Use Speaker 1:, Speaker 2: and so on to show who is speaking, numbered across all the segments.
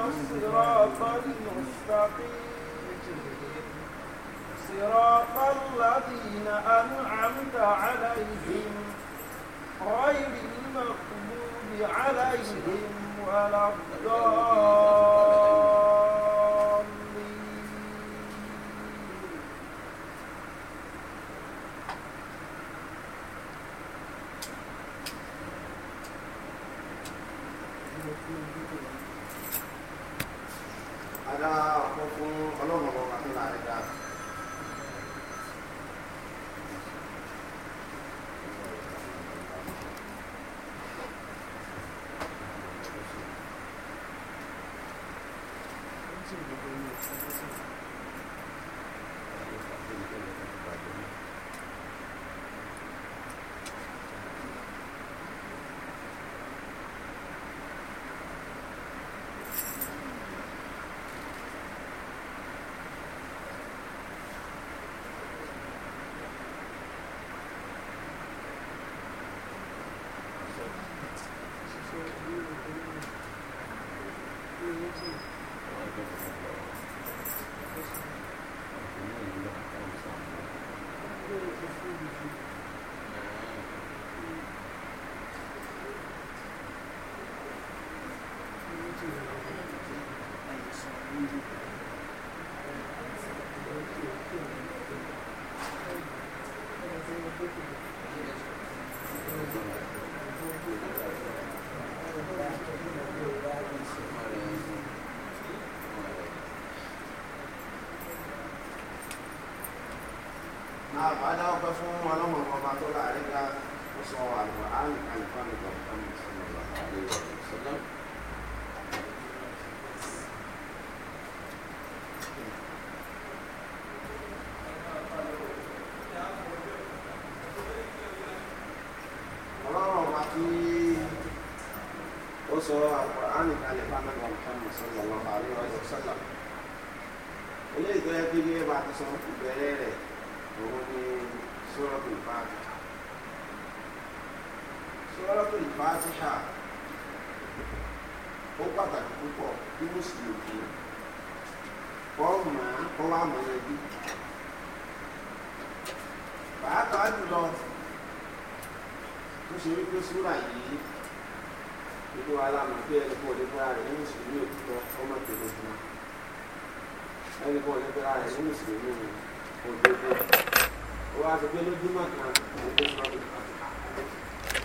Speaker 1: الصراط المستقيم صراط الذين أنعمت عليهم غير المغضوب عليهم ولا الضالين
Speaker 2: adáwọ́pẹ́ fún ọlọ́run ọba tó láàrin ká ó sọ àlùkò àlùkò àlùkò àlùkò àlùkò àlùkò àlùkò àlùkò Fatiha ó pàtàkì púpọ̀ bí mo sì lò kí ọmọ ọwọ́ àmọ̀ràn bí pàápàá jùlọ tó ṣe wípé súrà yìí nínú alámọ̀ pé ẹni kò lè fẹ́ra rẹ̀ ní mùsùlùmí òtítọ́ ọmọ tèmi fún un ẹni kò lè fẹ́ra rẹ̀ ní mùsùlùmí òdodo ó wá ti gbé lójúmọ̀ kan òdodo sọ́dọ̀ kan.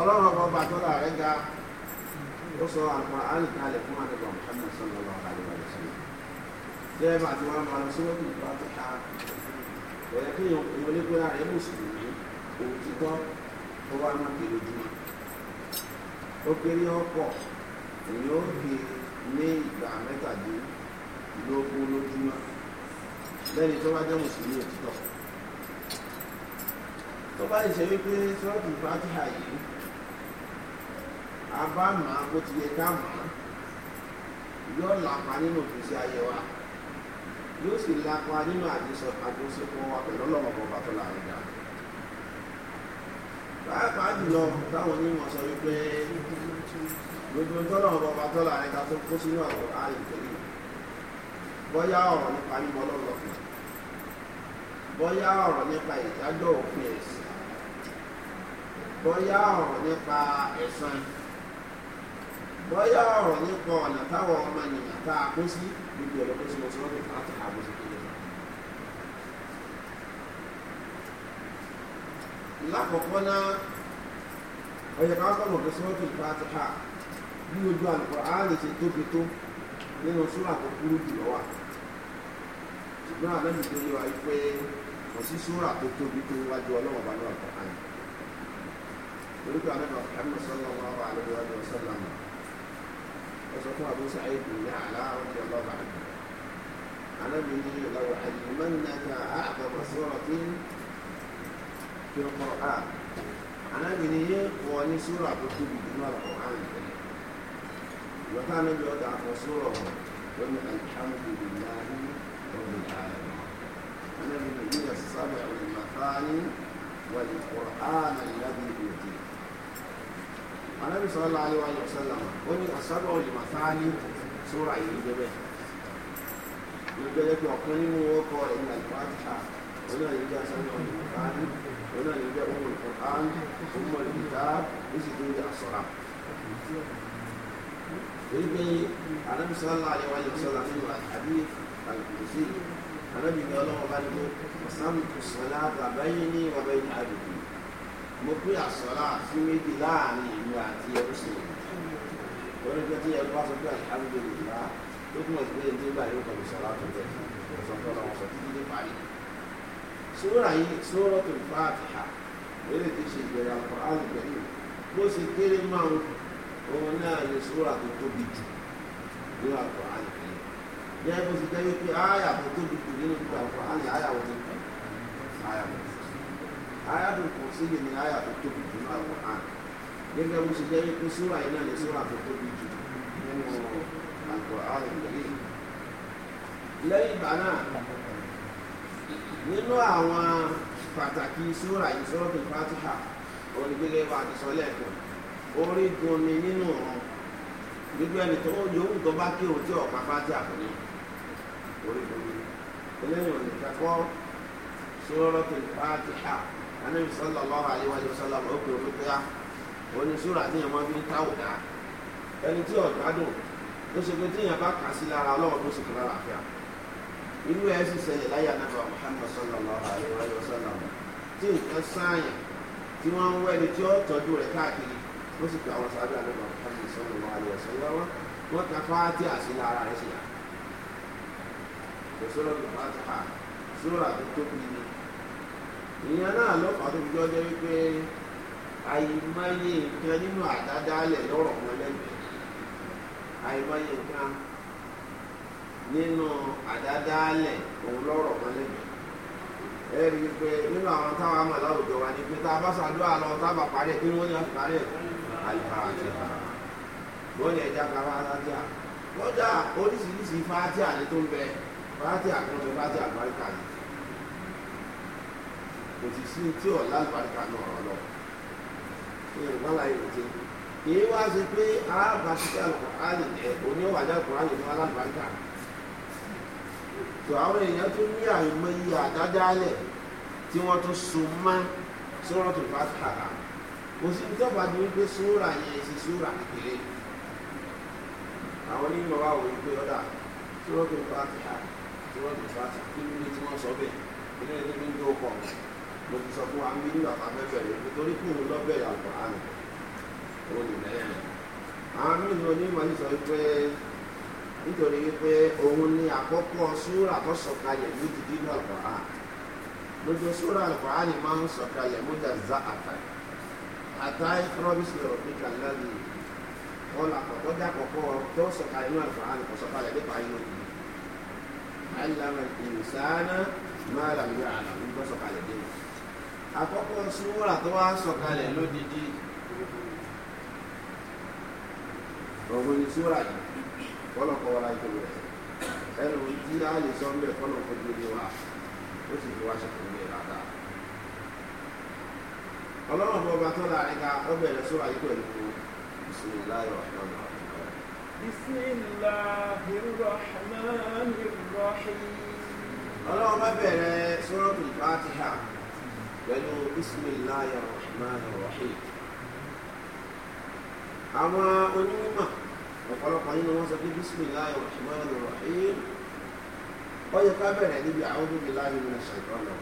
Speaker 2: ọlọ́run ọba ọba tó láàrẹ ga ó sọ àpá àríkàlẹ̀ fún àdébà Muhammad sallallahu alaihi wa sallam jẹ́ bá ti wá máa lọ sí lókè ìgbà tó ká ẹ̀yẹ kí èèyàn lé pé ààrẹ mùsùlùmí òtítọ́ tó wá máa kéré jù ó kéré ọ̀pọ̀ èyí ó gbé ní ìgbà mẹ́tàdínlógún lójúmọ́ lẹ́ni tó bá jẹ́ mùsùlùmí òtítọ́ tó bá lè wípé sọ́ọ̀tù Fatiha yìí a bá mà á bó ti yẹ ká mà á yóò lapa nínú ìgbésí ayé wa yóò sì lapa nínú àjọṣepọ̀ wa pẹ̀lú ọlọ́mọ̀bọ̀ bàtọ́ làwọn ìgbà pàápàá jùlọ táwọn onímọ̀ sọ wípé gbogbo tọ́lọ̀ ọ̀rọ̀ ọba tọ́lọ̀ àríkà tó kó sínú àwọn àìkèrè bọ́yá ọ̀rọ̀ nípa mímọ́ lọ́lọ́fẹ́ bọ́yá ọ̀rọ̀ nípa ìdájọ́ òfin ẹ̀sìn bọ́yá ọ̀rọ̀ nípa ẹ̀san bóyá ọ̀rọ̀ nípa ọ̀nà táwọn ọmọ ènìyàn tá a kó sí gbogbo ẹ̀rọ kó sí lọ sọ́dọ̀ láti àbò sí kéde. lákọ̀ọ́kọ́ náà ọ̀yẹ̀ ká kọ́ lọ́kọ̀ sọ́dọ̀ Fátíhà bí ojú Al-Kùránì ṣe tóbi tó nínú súrà tó kúrú jùlọ wà. ṣùgbọ́n àlẹ́ mi tó yẹ wa pé kò sí súrà tó tóbi tó wájú ọlọ́wọ́ bá lọ́wọ́ Al-Kùránì. àlẹ́ mi ọ̀kẹ́ mi wọn wà lọ́wọ́ ọ̀sán lánàá. وصفه أبو سعيد بن يعلى رضي الله عنه عن ابنه لو علمنك أعظم سورة في القرآن عن ابنه وأن سورة تكتب بما القرآن الكريم وكان يدعى سورة ومن الحمد لله رب العالمين انا من السبع المثاني والقرآن الذي يؤتيه anabi sallallahu alaihi wa sallam ó ní asábà olùmọ̀sáání sóra yìí jẹ́bẹ̀ ìgbẹ́lẹ́ pé ọ̀kan nínú ọkọ̀ rẹ̀ ní alifatiha onáà ní jẹ́ asábà olùmọ̀sáání onáà ní jẹ́ ohun ìkọ̀án ọmọ ìdá èsì tó ń jẹ́ àsọ̀rà èyí pé anabi sallallahu alaihi wa sallam nínú àbí alùpùpù sí anabi ní ọlọ́wọ́ bá ní pé ọ̀sán kùsọ̀lá àbáyé ní wàbẹ́yìn àdùkù mo pín àsọlá sí méjì láàrin ìlú àti ẹrúsìn lórí pé tí ẹrú bá sọ pé àlùbẹ̀ lè lá ló kún ọ̀sẹ̀ pé ìgbà yóò kàn lè sọ̀rọ̀ àtúntẹ̀ ọ̀sán tó lọ́wọ́ sọ títí dé parí. sóra yìí sóra tó fà á ti hà lórí ti ṣe ìbẹ̀rẹ̀ àpò àlùbẹ̀ yìí bó ṣe kéré máa ń òun náà ní sóra tó tóbi jù nínú àpò àlùbẹ̀ yìí. yẹ́n bó ṣe jẹ́ wípé áyà tó tóbi jù nínú àpò àlùbẹ̀ yìí áyà wọ̀ ayatul kursi yìí ni aya tó tóbi jù ní Al-Qur'an gẹ́gẹ́ bó ṣe jẹ́ pé sura yìí náà ni sura tó tóbi jù nínú Al-Qur'an ìgbẹ́lẹ́ lẹ́yìn ìgbà náà nínú àwọn pàtàkì sura yìí suratul Fatiha onígbẹ́gẹ́ bá ti sọ lẹ́ẹ̀kan orígun ni nínú ọ̀run gbígbé ẹni tó yòówù tó bá kí òun tí ọ̀pá Fatiha kò ní orígun ni eléyìí ò ní kẹ́kọ̀ọ́ suratul Fatiha anabi sallallahu alayhi wa sallam ó pè ó pé á ah, òní súra tí yẹn máa fi ń táwò dá ẹni tí ọ̀gbádùn ó ṣe pé tí yẹn bá kà sí lára ọlọ́wọ́ tó sì kọ́ lára àfíà irú ẹ̀ sì ṣẹlẹ̀ láyé anabi muhammad sallallahu alayhi wa sallam tí nǹkan sáàyàn tí wọ́n ń wẹ́ni tí ó tọ́jú rẹ̀ káàkiri ó sì pé àwọn sábẹ́ anabi muhammad sallallahu alayhi wa sallam wọ́n ta fáátì àti lára rẹ̀ sí yà kò sọ̀rọ̀ bí fáátì pa sóra tó tóbi ìyẹn náà ló fà tó fi jọ́ jẹ́ wípé àìmọye nǹkan nínú àdádálẹ̀ lọ́rọ̀ wọn lẹ́nu àìmọye nǹkan nínú àdádálẹ̀ òun lọ́rọ̀ wọn lẹ́nu ẹ rí i pé nínú àwọn táwọn àmọ̀ láwùjọ wa ni pé tá a bá ṣàdúrà lọ tá a bá parí ẹ̀ kí ni wọ́n ní wọ́n parí ẹ̀ àlùfáàtì lórí ẹ̀já kan fáàtì à lọ́jà oríṣiríṣi fáàtì àní tó ń bẹ fáàtì àkọ́jọ fáàtì àgbáríkà yìí kò sì sí tí ò lálùbáríkà náà ọ̀rọ̀ lọ yorùbá láyé ò ti kìí wá sí pé alábàáṣiṣẹ́ àlùkùránì ẹ̀ oníwàjá àlùkùránì ní alábàáríkà tó àwọn èèyàn tó ní àìmọye àdádálẹ̀ tí wọ́n tún so mọ́ sọ́rọ̀ tó bá kàrà kò sí tó bá di wípé sóòrà yẹn sí sóòrà kékeré àwọn onímọ̀ wa wò wípé ọ̀dà sọ́rọ̀ tó bá kàrà sọ́rọ̀ tó bá kàrà kí ló dé tí wọ́n sọ bẹ́ẹ̀ kí ló dé tí wọ́n mo ti sọ fún wa ní nígbà tá a fẹ́ bẹ̀rẹ̀ nítorí kí òun lọ́bẹ̀rẹ̀ àgbà ni òun lè bẹ̀rẹ̀ rẹ̀ àwọn mímu onímọ̀ ní sọ pé nítorí wípé òun ni àkọ́kọ́ súrà tó sọ̀kalẹ̀ ní dídínú àgbà lójú súrà àgbà ni máa ń sọ̀kalẹ̀ mújà zá àtàkì àtàkì rọ́bìsì rọ̀ bí kàlẹ́lì ọ̀là àkọ́kọ́ dé àkọ́kọ́ tó sọ̀kalẹ̀ ní àgbà ni kò sọ̀kalẹ̀ nípa inú òbí àìlànà ìrìnsánà máa làmúyà àlàmú tó sọ̀kalẹ̀ dé àkọ́kọ́ súwúrà tó wá sọ̀kalẹ̀ lódìdí ọ̀gbọ́n ní súwúrà yìí kọ́lọ̀kọ́ wọlá ìjọba rẹ̀ ẹnu tí a lè sọ mbẹ kọ́lọ̀kọ́ tó lé wa ó sì fi wá ṣàkóso rẹ̀ dáadáa. ọlọ́run fún ọba tó láàrin ká ó bẹ̀rẹ̀ súwúrà yìí pẹ̀lú bisimilayi rahman rahim. bisimilayi rahman rahim. ọlọ́run bá bẹ̀rẹ̀ sọ́rọ́ pẹ̀lú bisimilayi rahman rahim àwọn onímọ̀ ọ̀pọ̀lọpọ̀ nínú wọn sọ pé bisimilayi rahman rahim ó yẹ ká bẹ̀rẹ̀ níbi àwọn bíbélì mi ṣẹ̀tọ́ lọ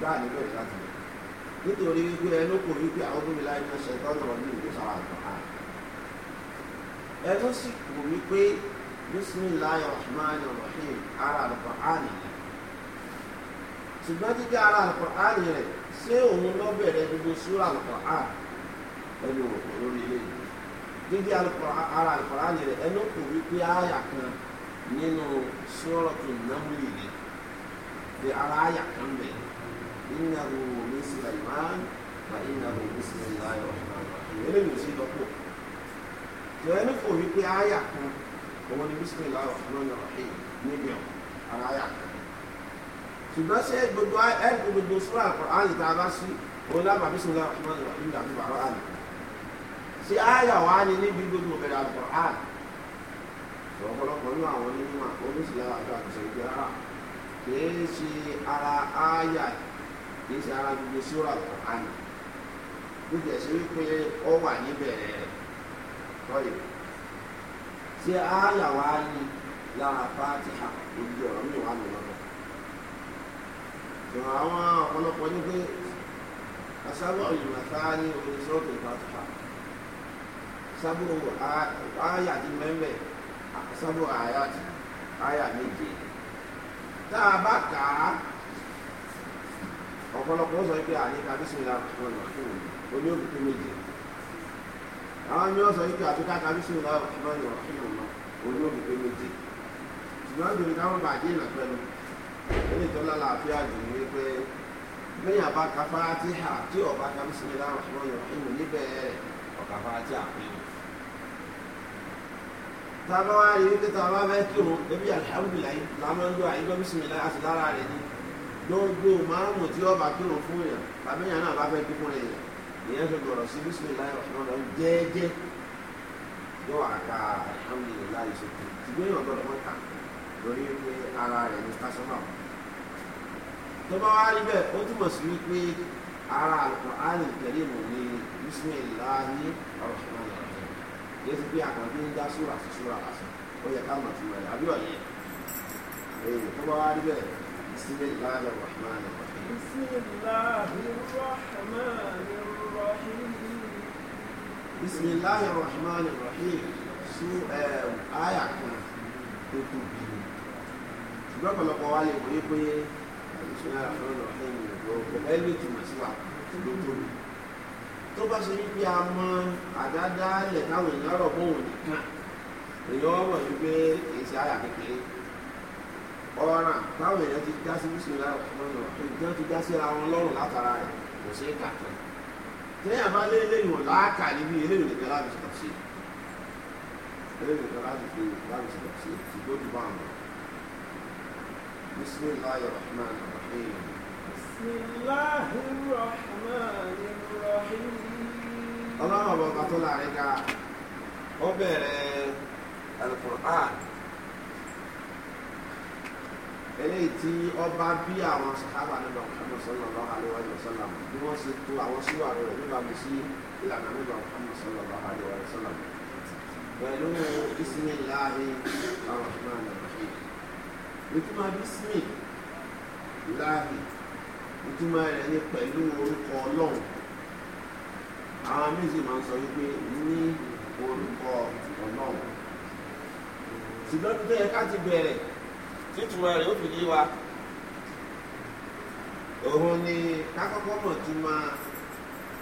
Speaker 2: báà nílò láti lọ nítorí wípé ẹnu kò wípé àwọn bíbélì mi ṣẹ̀tọ́ lọ ní ìlú sára àgbà á ẹnu sì kò wípé bisimilayi rahman rahim ara àgbà á nìyẹn ṣùgbọ́n jíjẹ́ ara alukur'an rẹ̀ ṣé òun lọ bẹ̀rẹ̀ gbogbo súra alukur'an ẹnu òkú lórí ilé yìí jíjẹ́ ara alukur'an rẹ̀ ẹnu kò wípé àyà kan nínú súrọ̀tù nàmúlì ni bí ara àyà kan bẹ̀ nínú omi sílẹ̀ ìmáà bá nínú omi sílẹ̀ ìláyọ̀ eléyìí ò sí lọ́pọ̀ tí ẹnu kò wípé àyà kan òun ni bísí ìláyọ̀ fún ọ̀nà ọ̀hìn níbi ọ̀ ara àyà kan ṣùgbọ́n ṣé gbogbo ẹ̀ẹ́dì gbogbo fún àkùrán ìta bá sí olábà bí sinmi láwọn ọmọdé wàá nígbà nígbà rọ àná ṣé àyà wàá ní níbi gbogbo bẹ̀rẹ̀ àkùrán ọ̀pọ̀lọpọ̀ nínú àwọn onímọ̀ oníṣìlá àti àkùsọ ìgbé ara ah, kìí ṣe ara àyà kìí ṣe ara gbogbo síwọ́n àkùrán ló jẹ́ sí wípé ọ wà níbẹ̀rẹ̀ rẹ̀ lọ́yẹ̀ àyà wàá ní lára ìmọ̀ àwọn ọ̀pọ̀lọpọ̀ ní pé asábọ̀ ìmọ̀ sáà ní orin sọ́ọ̀tù ìfàtà sábọ̀ àyà ti mẹ́mẹ́ sábọ̀ àyà ti àyà méje tá a bá kà á ọ̀pọ̀lọpọ̀ ó sọ pé àníkà bísímìlà ọ̀pọ̀ oní òkùnkùn méje àwọn mi ó sọ pé àtúkà kà bísímìlà ọ̀pọ̀ oní òkùnkùn méje ṣùgbọ́n ìdòwì káwọn bàjẹ́ ìlà pẹ̀lú. ẹni tó lálàáfíà jù ní wípé bẹ́yìn àbá ka ọba ka bísímilá ọ̀hún ìmù níbẹ̀ ọ̀ka fátíhà pínu. tábà wá rí wípé tábà ebi alihamudulilayi làmọ́ ń lọ àyíkọ́ bísímilá àti lára rẹ̀ ni gbogbo márùn tí ọba kírun fún si lórí pé ara rẹ̀ ní stasọ́nà tó bá wá rí bẹ́ẹ̀ ó túmọ̀ sí wípé ara Al-Qur'ani Karim ní bismillahi rahman rahim yóò ti bí àkàndé ń dá súra sí súra lásán ó yẹ ká mọ̀ sí wọlé àbí ọ̀yẹ́ èyí tó bá wá rí bẹ́ẹ̀ bismillahi rahman rahim.
Speaker 1: bismillahi rahman rahim.
Speaker 2: bismillahi rahman rahim. sú ẹ̀ áyà kan tó tóbi lọ́pọ̀lọpọ̀ wa lè wòye pé ìṣúná àfọlọ́lọ́ ẹ̀yìn ìgbọ́ ẹ̀lú ìtumọ̀ sí wa ló tóbi tó bá ṣe wípé a mọ àdáadá ilẹ̀ táwọn èèyàn rọ̀ bóun nìkan èèyàn wọ̀ wípé èsì àyà kékeré ọ̀ràn táwọn èèyàn ti dá sí ìṣúná àfọlọ́lọ́ èèyàn ti dá sí ara wọn lọ́rùn látara rẹ̀ kò ṣeé kà tán tẹ́yà bá lé eléyìí wọn láàkà níbi eléyìí nìkan láti ṣe eléyìí nìkan láti ṣe láti ṣe ṣùgbọ́n ti bá wọn lọ. بسم الله الرحمن الرحيم بسم الله الرحمن الرحيم
Speaker 1: ọlọ́run ọba ọba tó láàrin
Speaker 2: ká ó bẹ̀rẹ̀ alukur'an eléyìí tí ọba bí àwọn sàhábà nígbà Muhammad sallallahu alaihi wa sallam bí wọ́n ṣe to àwọn síwà rẹ̀ nígbà mi sí ìlànà nígbà Muhammad sallallahu alaihi wa sallam pẹ̀lú bisimilahi rahman rahim ìtumọ̀ bísímì láàyè ìtumọ̀ rẹ̀ ní pẹ̀lú orúkọ ọlọ́run àwọn méjì máa ń sọ wípé ní orúkọ ọlọ́run ṣùgbọ́n tó yẹ ká ti bẹ̀rẹ̀ títúmọ̀ rẹ̀ ó fi yé wa òun ni kákọ́kọ́ mọ̀ tí máa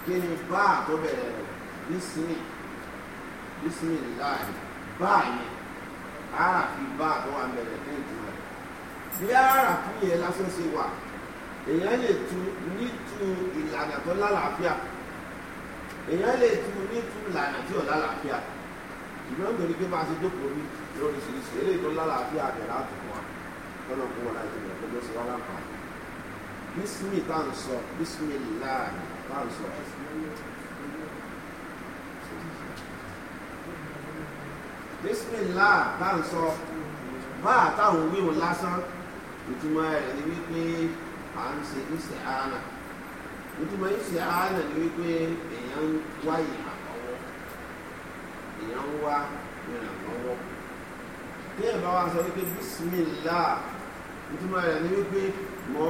Speaker 2: kí ni báà tó bẹ̀rẹ̀ rẹ̀ bísímì bísímì láàyè báà yẹn àràfi báà tó wà bẹ̀rẹ̀ fún ìtumọ̀ rẹ̀ tí ara tún yẹn lásán ṣe wà èèyàn lè tu nítu ìlànà tó lálàáfíà èèyàn lè tu nítu ìlànà tí ò lálàáfíà ìgbọ́n ń gbèrú pé máa ṣe jókòó mi lóríṣiríṣi eléyìí tó lálàáfíà àbẹ̀rẹ̀ àtùkù wa lọ́nà kó wọn láti rìn lọ́jọ́ sí wa láǹfààní bísímì tá à ń sọ bísímì láàrin tá à ń sọ. bísímì láà tá à ń sọ máa táwọn wíwọn lásán. ìtumọ̀ rẹ̀ ni wípé à ń ṣe ìṣẹ̀hánà ìtumọ̀ wípé èèyàn ń wá ìrànlọ́wọ́ èèyàn ń wá ìrànlọ́wọ́ bí ẹ̀ bá wípé bísímìlá ìtumọ̀ rẹ̀ ni pẹ̀lú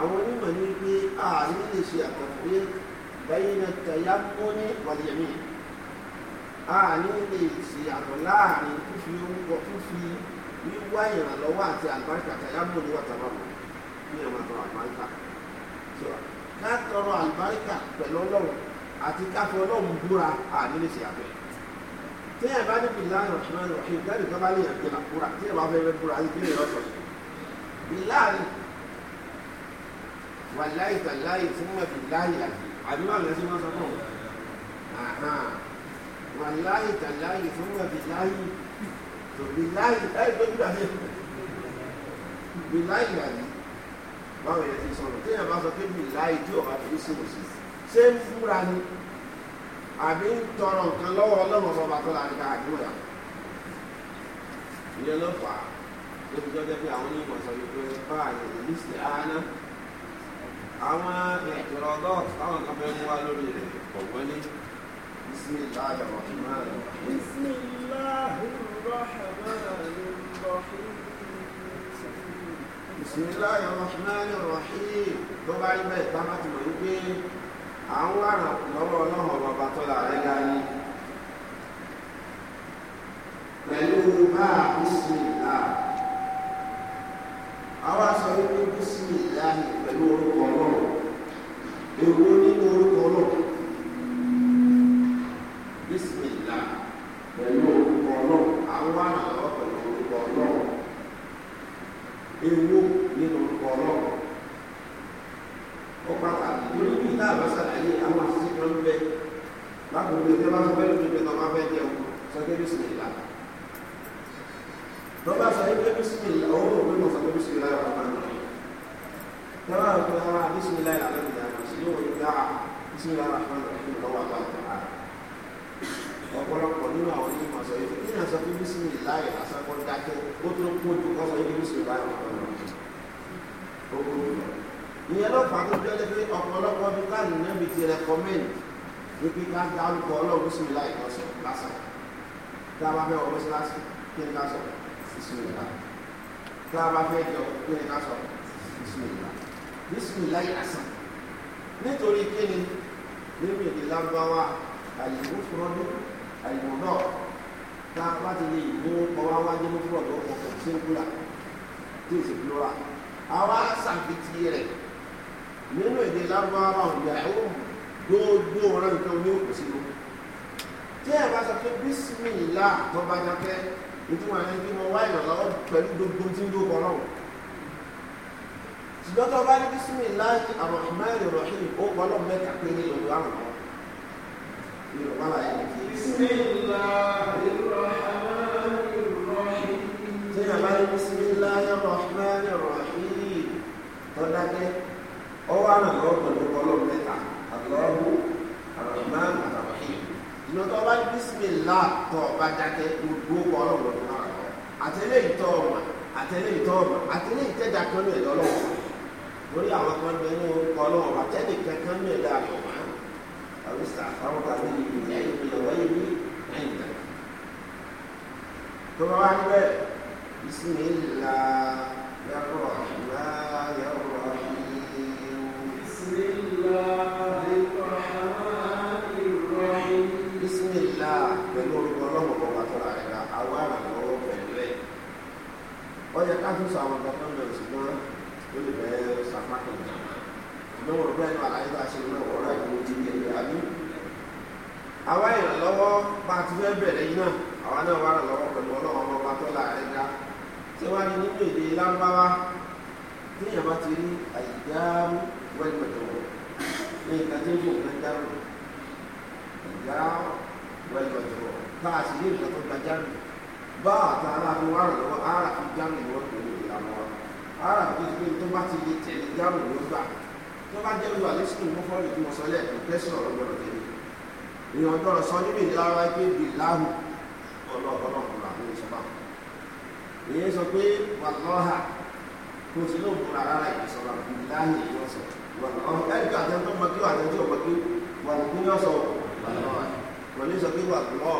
Speaker 2: àwọn onímọ̀ ní pé a ní lè ṣe àkànfẹ́ bẹ́yìnà tẹ̀yàmọ́ ní wàlẹ̀mí a ní lè ṣe àkàn láàrin fífi orúkọ fífi wíwá ìrànlọ́wọ́ àti àlùbáríkà tẹ̀yàmọ́ ní wàtàbàmọ́ ní ẹ̀wọ̀n àtọ̀ àlùbáríkà ká tọrọ àlùbáríkà pẹ̀lú ọlọ́run àti ká fi ọlọ́run búra a ní lè ṣe àbẹ̀ téèyàn bá níbi ìlànà ìrànlọ́run ìdájọ́ tó bá lè yàn gbé làkúrà téèyàn bá fẹ́ fẹ́ búra wà láì tà láì fún mẹ́fì láì àbí àbí wà lẹ́sìn máa sọ́kọ̀ wà láì tà láì fún mẹ́fì láì tòbí láì láì tó gbà yẹ bí láì àbí báwo yẹn ti sọ̀rọ̀ téèyàn bá sọ pé bí láì tí ọba tó sì wò sí ṣé ń fúra ni àbí ń tọrọ nǹkan lọ́wọ́ ọlọ́run ọba tó la ń ka àdúrà ìyẹn ló fà á lóbi tó pé àwọn onímọ̀ sọ yìí pé báyìí ní sí àná àwọn ìrọ̀lọ́ eh, táwọn kan fẹ́ mú wa lórí rẹ̀ pọ̀ wọlé bismillahirrahmanirrahim.
Speaker 1: bismillahirrahmanirrahim.
Speaker 2: bismillahirrahmanirrahim tó bá rí bẹ́ẹ̀ tá má ti mọ̀ wípé à ń wá ràn lọ́wọ́ ọlọ́run bàbá tó là rẹ̀ ga pẹ̀lú ah, bá a àwa sọ wípé bísí ìlànà pẹ̀lú orúkọ ọlọ́run èwo nínú orúkọ ọlọ́run. sì bá ọ̀pọ̀ lọ ó kò jùlọ. ìyẹn ló fà tó jẹ́ pé ọ̀pọ̀lọpọ̀ ọdún káàdì náà mi ti rẹkọmẹ́ǹd wípé ká dárúkọ ọlọ́run sí mi láì lọ́sọ̀ lásán tá a bá fẹ́ ọ̀rọ̀ sí lásán kí ni ká sọ bisimilá tá a bá fẹ́ jọ kí ni ká sọ bisimilá bisimilá yìí lásán nítorí kí ni nínú èdè lágbáwá àyẹ̀wò fúnrọ́dún àyẹ̀wò náà tá a bá ti lè mú ọwọ́ wájú fúnrọ́dún ọkọ̀ sí ń kúrà tí èsì plural àwa ṣàfitì rẹ̀ nínú èdè lárúbáwá ọ̀gbìn àwọn gbogbo ọ̀rọ̀ nǹkan ní òkú sínú tí ẹ bá sọ pé bísímìlá tó bá dákẹ́ ìtumọ̀ àti kí wọ́n wá ìrànlọ́wọ́ pẹ̀lú gbogbo tí ń dó kọ́ náà ṣùgbọ́n tó bá ní bísímìlá ar-Rahman ar-Rahim ó kọ́ lọ́ mẹ́ta pé ní ìlú àwọn ọ̀rọ̀ ìrọ̀lá yẹn. bísímìlá ar kàbáyé bisimilayi rahman rahim tọ́dákẹ́ ọwọ́ àrànlọ́ pẹ̀lú ọlọ́ mẹ́ta àlọ́hu rahman rahim ìlú tó bá ní bisimilá tó ọba dákẹ́ gbogbo ọlọ́wọ́ tó náà lọ àtẹlẹ́ ìtọ́ ọmọ àtẹlẹ́ ìtọ́ ọmọ àtẹlẹ́ ìtẹ́jà kan ní ẹ̀dọ́ lọ́wọ́ lórí àwọn kan bẹ ní orúkọ ọlọ́wọ́ àtẹ́lẹ́ kankan ní ẹ̀dá àtọ̀mọ́ àwọn ìsàfáwọn kàwé ìgbìyànjú ìyàwó yìí ní ẹ̀yìn náà tó bá wá níbẹ̀ بسم الله الرحمن الرحيم بسم الله الرحمن الرحيم بسم الله pẹ̀lú orúkọ ọlọ́run kọ́ pàtó ra ẹ̀ka àwọn àrànlọ́wọ́ pẹ̀lú ẹ̀ ó yẹ ká tún sọ àwọn gbàgbọ́n náà ṣùgbọ́n ó lè bẹ́ẹ̀ sàfákàn náà ṣùgbọ́n wọn bẹ́ẹ̀ náà àyè bá ṣe náà wọ́n rà ìwé ti yẹ ìyá mi. àwa tí wọ́n ní nínú èdè lámbáwá tí èèyàn bá ti rí àyíjáàmú wẹ́lùmẹ̀tọ̀wọ̀ ní ìka tí ó fi nǹkan jáàmù ìyá wẹ́lùmẹ̀tọ̀wọ̀ tá a sì ní nǹkan tó gba jáàmù bá àtà aláàfin wà rẹ̀ lọ́wọ́ ara fi lọ́wọ́ pẹ̀lú ìlànà wa ara fi pé tó bá ti lè tẹ̀lé jáàmù ló gbà tó bá jẹ́ ìwà lẹ́sìn mú fọ́ọ̀lù tí mo sọ lẹ́ẹ̀kan tẹ́sán sọ nínú ìlera wa pé ọ̀nà ọ̀nà èyí sọ pé wàlọ́hà kò sí ló bùrọ̀ rárá ìsọ̀rọ̀ ìdáhìn èyí ọ̀sọ̀ wàlọ́hà ẹ̀dùn àtẹ̀tọ́ mọ kí àtẹ̀tọ́ mọ kí wàlọ́hà ní ọ̀sọ̀ wàlọ́hà wọ́n ní sọ pé wàlọ́hà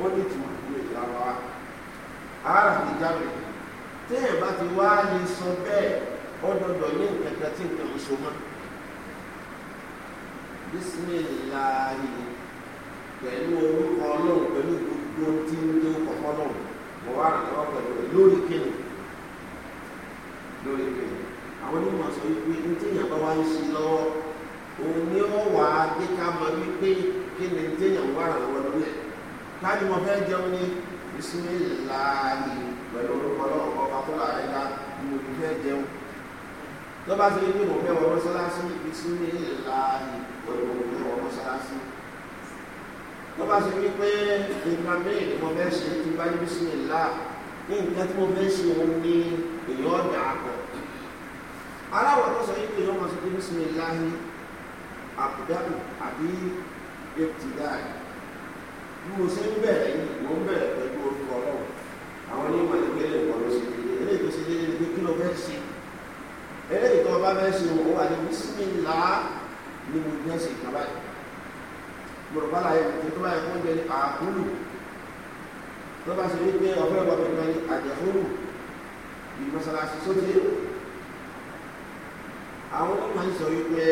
Speaker 2: ó ní tùmọ̀ ní ìlà wa ara fi jáde téèyàn bá ti wá lè sọ bẹ́ẹ̀ ọ̀dọ̀dọ̀ ní nǹkan kan tí nǹkan oṣù mọ́ bísímìláàyè pẹ̀lú orúkọ ọlọ́run pẹ̀lú gbogbo tí ń dé ọkọ̀ ọlọ́run mo wá ràn lọ́wọ́ pẹ̀lú rẹ̀ lórí kíni lórí kíni àwọn onímọ̀ sọ wípé ní téèyàn bá wá ń ṣe lọ́wọ́ òun ni ó wà á dé ká mọ wípé kí ni téèyàn wá ràn lọ́wọ́ lórí ẹ̀ káàdì mo fẹ́ jẹun ní bisimilahi pẹ̀lú orúkọ lọ́wọ́ ọba tó lára ẹ̀ka ni mo fẹ́ jẹun tó bá ti mo fẹ́ wọ mọ́sálásí bisimilahi pẹ̀lú orúkọ lọ́wọ́ mọ́sálásí tó bá ṣe wípé nǹkan míì ni mo fẹ́ ṣe ti bá níbi sí ìlà ní nǹkan tí mo fẹ́ ṣe òun ni èèyàn ọ̀dà àpọ̀ aláwọ̀ tó sọ yìí pé èèyàn máa ṣe níbi sí ìlà ní àbùdáàbù àbí ètìdáì bí mo ṣe ń bẹ̀rẹ̀ yìí mo ń bẹ̀rẹ̀ pẹ̀lú orúkọ ọlọ́run àwọn onímọ̀ ìgbélé wọn ló ṣe déédéé eléyìí tó ṣe déédéé pé kí ló fẹ́ ṣe eléyìí tó bá fẹ́ ṣe òun wà ní bísí mi là mo gbé ṣe ìkàbáyìí mọ̀rọ̀bá láyé tó tó bá yẹ kóúnjẹ ní àkúlù tó bá ṣe wípé ọ̀fẹ́ wọ pẹ̀lú ní àjẹfóònù ìmọ̀sálásí sóde àwọn ọmọ yìí sọ wípé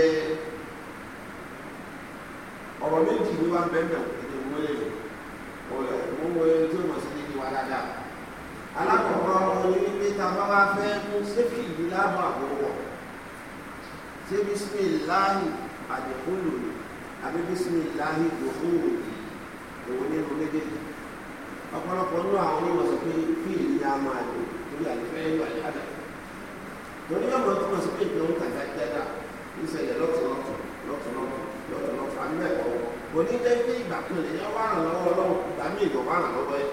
Speaker 2: ọ̀rọ̀ méjì ló wá bẹ́ẹ̀ ètò ìwọlé òun wo tí ó mọ̀ sí níbi dáadáa alákọ̀ọ́kọ́ oní wípé ta bá wá fẹ́ mú séfì ìlú láàbọ̀ àbúrò wọ̀ séfì àbí bísímì láhì dòfúrò òun nínú méjèèjì ọ̀pọ̀lọpọ̀ nínú àwọn onímọ̀ sọ pé fíìlì ni a máa lò torí àlùfẹ́ ìlú àyàdà torí ọmọ tó mọ̀ sí pé ìpínlẹ̀ òun kàdá jẹ́dà ìṣẹ̀lẹ̀ lọ́tùlọ́tù lọ́tùlọ́tù lọ́tùlọ́tù àmì ẹ̀kọ́ oníjẹ́ pé ìgbà kan lè yẹ wàràn lọ́wọ́ lọ́wọ́ ìgbà mí ìgbà wàràn lọ́wọ́ ẹ̀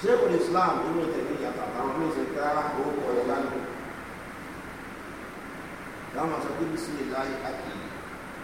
Speaker 2: ṣéèkùn Islam nínú tẹ̀lé ìyàtọ̀ àtàwọn mí ìṣẹ̀ká orúkọ ìlànà táwọn sọ pé bísí ìlà ìkàkì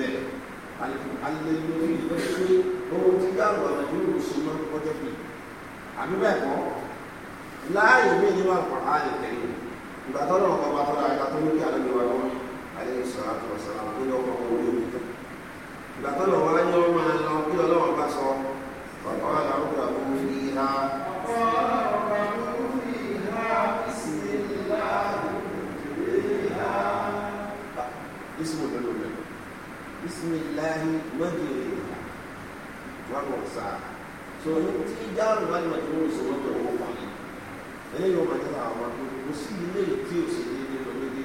Speaker 2: bẹ́ẹ̀ alẹ́lórí ìlọ́sí ohun tí gáàrú ọ̀nà yóò lù sí mọ́ kọjá pé àbí bẹ́ẹ̀ kọ́ láàyè mí nínú àkọ́rá lè tẹ̀lé ìgbà tó lọ́wọ́ kọ́ba tó dáa tó ní kí àlejò wa lọ́wọ́ àlejò sọ̀rọ̀ àti ọ̀sán àwọn tó lọ́wọ́ kọ́ orí omi ìgbà tó lọ́wọ́ wáyé wọn máa lọ kí ọlọ́wọ́ bá sọ ọ̀pọ̀ àwọn ọ̀gbà tó bisimilahi mọ́jìlì wọn kò sá so ní tí jáàrú wà ní màjú wọn sọ wọn tó wọn wà ní eléyìí wọn màjú àwọn ọmọ tó kò sí ilé tí o sì dé nínú méjì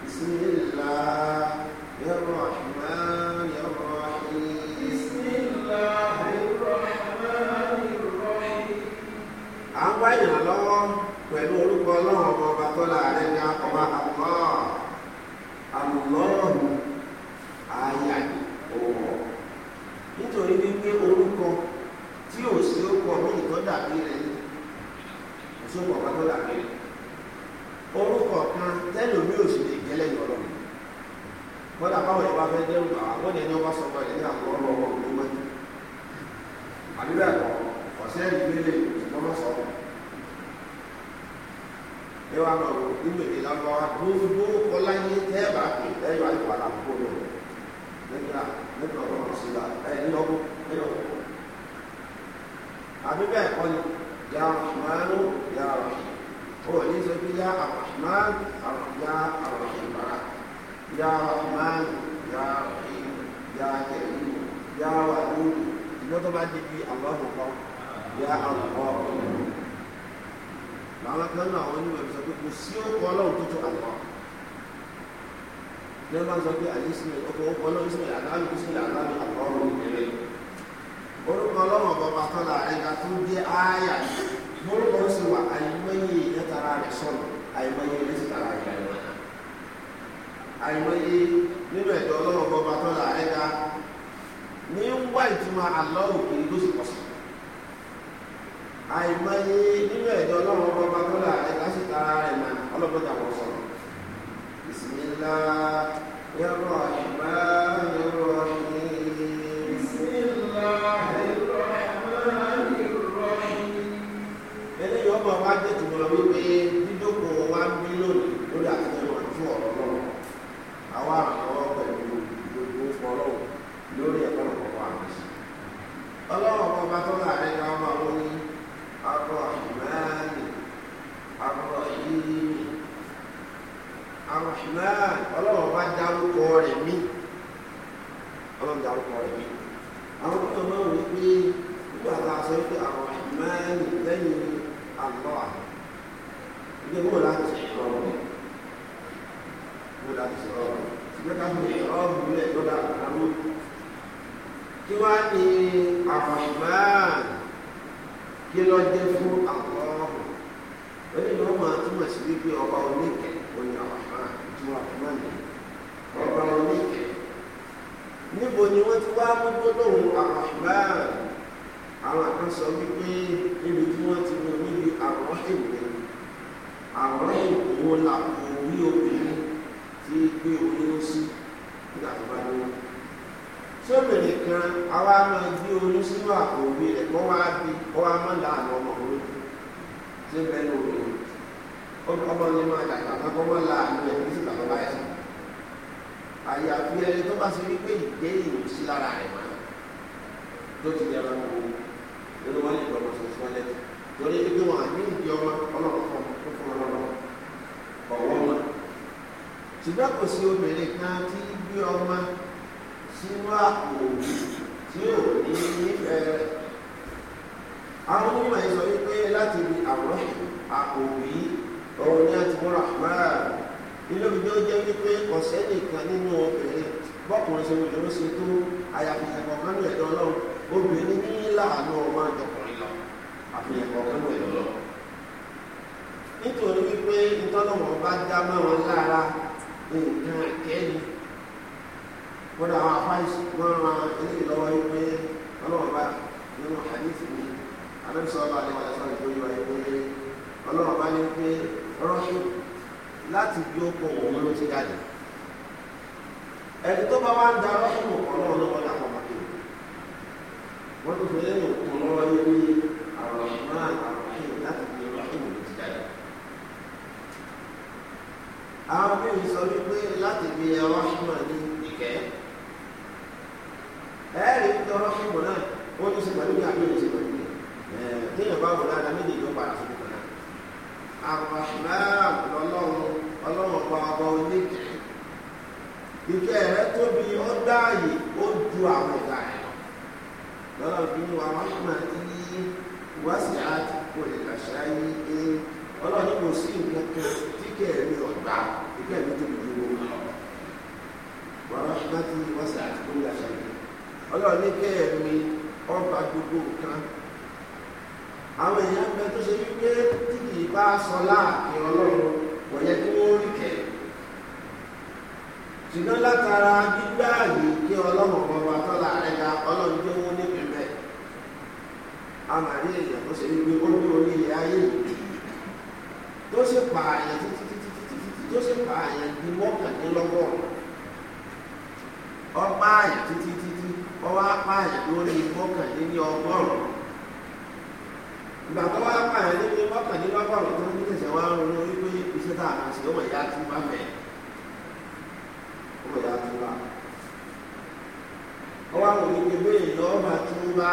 Speaker 2: bisimilahi yọrọ àṣùmá yọrọ àṣì. bisimilahi rahman rahim. à ń wá ìrànlọ́wọ́ pẹ̀lú orúkọ ọlọ́run ọba tó láàrin ní akọ̀wá àmọ́ àmọ́ àáyà òwò nítorí wípé orúkọ tí ò sí orúkọ mi ìtọ́ dàbí rẹ̀ ni kò sí orúkọ kan tó dàbí rẹ̀ orúkọ kan tẹ́lẹ̀ mi ò sì lè jẹ́ lẹ́yìn ọlọ́run kódà báwọn yẹn bá fẹ́ dẹ́rù bá wọ́n ní ẹni wọ́n bá sọ pé ẹni àwọn ọlọ́wọ́ ló wọ́n ní àbí bẹ́ẹ̀ kọ́ ọ̀sẹ̀ ìgbélé ìgbọ́n bá sọ wọn ẹ wá lọ nínú èdè lágbára gbogbo kọlá yín tẹ́ bá pè ẹ yọ àyùwà nígbà nígbà ọ̀rọ̀ ìṣẹ̀lá ẹ̀yìn lọ́gbọ́ nínú ọ̀rọ̀. àbí bẹ́ẹ̀ kọ́ ni ya rahmanu ya rahim ó ní sọ pé ya rahman ya rahim bara ya rahman ya rahim ya rahim ya wadud ìgbọ́n tó bá di bí Allahu ya Allah làwọn kan náà àwọn onímọ̀ ìfisọ̀ pé kò Allah lẹ́yìn máa ń sọ pé àyíṣe ọkọ̀ ọlọ́ ìṣẹ̀lẹ̀ àdáàbí ìṣẹ̀lẹ̀ àdáàbí àkọ́rọ̀ ìbẹ̀rẹ̀ orúkọ ọlọ́wọ̀n bọba kan láàrin ká tó dé ááyà orúkọ ó sì wà àìmọye ìdẹ́tara rẹ̀ sọ̀rọ̀ àìmọye ìdẹ́tara rẹ̀ àìmọye nínú ẹ̀dọ́ ọlọ́wọ̀n bọba kan láàrin ká ní ń wá ìtumọ̀ àlọ́ òkèèrè tó sì pọ̀sọ̀ àìmọye nínú ẹ̀dọ́ بسم الله الرحمن الرحيم بسم الله الرحمن الرحيم ẹni yọ̀ọ́ bọ̀ wá jẹ́ tìmọ̀ wípé inú mi ló jẹ́ wípé ọ̀sẹ̀ nìkan nínú obìnrin bọ́kùnrin ṣe wòlé ó ṣe tó àyàfihàn kọ̀ọ̀kan ní ẹ̀dọ́ ọlọ́run obìnrin ní láàánú ọmọ àjọkùnrin lọ àfihàn kọ̀ọ̀kan ní ẹ̀dọ́ ọlọ́run nítorí wípé ìtọ́lọ́wọ́n bá dá mọ́ wọn lára nǹkan ìkẹ́ni wọ́n àwọn afáìsì wọ́n ran eléyìí lọ́wọ́ wípé ọlọ́wọ́n bá nínú àdìsí mi adébísọ́ọ́lá àdéhùn àdéhùn àdéhùn ìgbóyè wáyé pé ọlọ́wọ́n bá ní pé rọ́ṣù láti bí ọkọ wọ̀ wọn ló ti jáde ẹni tó bá wá ń darọ́ fún ọlọ́run lọ́wọ́ làwọn ọmọdé wọn tó fi lẹ́yìn òkun lọ́wọ́ yé ní àwọn ọmọdé àwọn láti bí ọkọ wọn ló ti jáde àwọn míì sọ wípé láti bí ọwọ́ fún ẹni ìkẹ́ ẹ̀ẹ́rì ń tọrọ náà wọ́n tún ṣe ní àbí òṣèlú ẹ̀ kéèyàn bá wọ̀ dáadáa méjèèjì ó arahman lọ́lọ́run ọlọ́run ọba ọba oníkẹ́ ìkẹ́ rẹ tóbi ó dáàyè ó ju àwọn ẹ̀dá rẹ lọ́lọ́run fi mú arahman yí wá sí àti kò lè làṣà yí é ọlọ́run kò sí nǹkan kan tí kẹ́ ẹ̀rí ọ̀gbà ìkẹ́ mi tóbi ju owó lọ arahman yí wá sí àti kò lè làṣà yí ọlọ́run ní kẹ́ ẹ̀mí ọba gbogbo nǹkan àwọn èèyàn bẹ tó ṣe wípé tí kì í bá sọlá ìrọlọ́run kò yẹ kí wọ́n rí kẹ̀. ṣùgbọ́n látara gbígbá àyè kí ọlọ́run bọ̀bọ̀ àtọ́lá rẹ̀ ga ọlọ́run tó wọ́n níbi mẹ́. a mà rí èèyàn tó ṣe wípé ó ní orí ilẹ̀ ayé tó ṣe pààyàn títí títí títí tó ṣe pààyàn di mọ́kàndínlọ́gọ́rùn-ún ọ̀pá títí títí ọwọ́ apá lórí mọ́kàndínlọ́gọ́rùn ìgbà tó wá pa ẹ̀ níbi mọ́kànlélọ́gọ́rùn tó ní ìṣẹ̀ wá ronú wípé iṣẹ́ tá a máa ṣe ọmọ ìyá tí wọ́n bẹ̀ ọmọ ìyá tí wọ́n ọwọ́ àwọn òní pé èèyàn ọba tí bá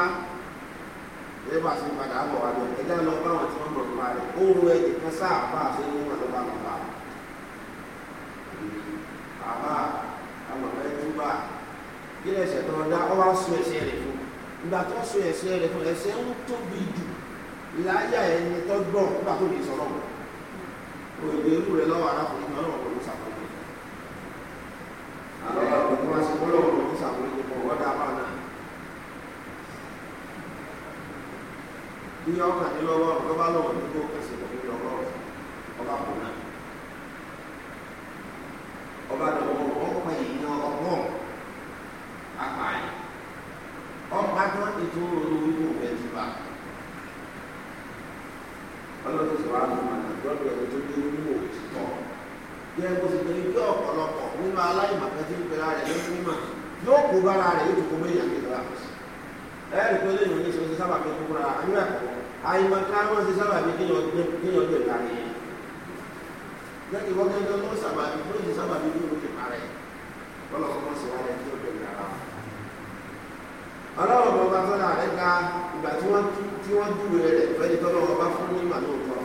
Speaker 2: ẹ bá ṣe padà bọ̀ wá lọ ẹja lọ bá wọn tí wọ́n mọ̀ nípa rẹ̀ ó ro ẹ̀jẹ̀ kan sáà bá a ṣe ní wọn lọ́ba lọ́ba bàbá àwọn ọ̀rẹ́ tó bá kí lẹ́sẹ̀ tó ń dá ọwọ́ sọ ẹ̀ṣẹ̀ rẹ̀ fún ìgbà tó sọ ẹ̀ṣẹ̀ rẹ̀ fún ẹ̀ṣẹ̀ ń tóbi jù láyà ẹni tó gbọ̀n nígbà tó lè sọ̀rọ̀ wọn òyìnbó irú rẹ lọ́wọ́ arákùnrin náà lọ́wọ́ ló sàkóso àwọn ọ̀gbìn wá sí bọ́lọ́wọ́ ló sàkóso pọ̀ wọ́dà bá náà ní ọkànlélọ́gọ́rùn lọ́ba lọ́wọ́ ní kó kẹsì lórí ọgọ́rùn ọba kò náà ọba lọ́wọ́ ọmọ ìyá ọgbọ́n apààyàn ọba tó ètò olówó ìbò bẹ́ẹ̀ ti bá a. wá àmàlà lọ́dọ̀ ẹni tó dé nínú òtítọ́ bí ẹ kó ti pé ibi ọ̀pọ̀lọpọ̀ nínú aláìmọ̀kẹ́ tí ń pera rẹ̀ lọ́dún mímọ̀ yóò kó bára rẹ̀ yóò kó méjì àti ìlà ẹ rí pé lẹ́yìn oníṣẹ́ oṣù sábà fi kúkúra àyíwá àyíwá káwọn ṣe sábà fi kéèyàn gbé láàrin yẹn lẹ́yìn ìwọ́gẹ́gẹ́ ló sábà fi fún ìṣe sábà fi dúró lókè parẹ́ lọ́lọ́kọ́ mọ́ sí wáyé tí ó bẹ̀rẹ̀ ara wọn ọlọ́run ọba tó náà rẹ̀ ga ìgbà tí wọ́n dúró rẹ̀ fẹ́ni tọ́lọ́run ọba fún nígbà lóòótọ́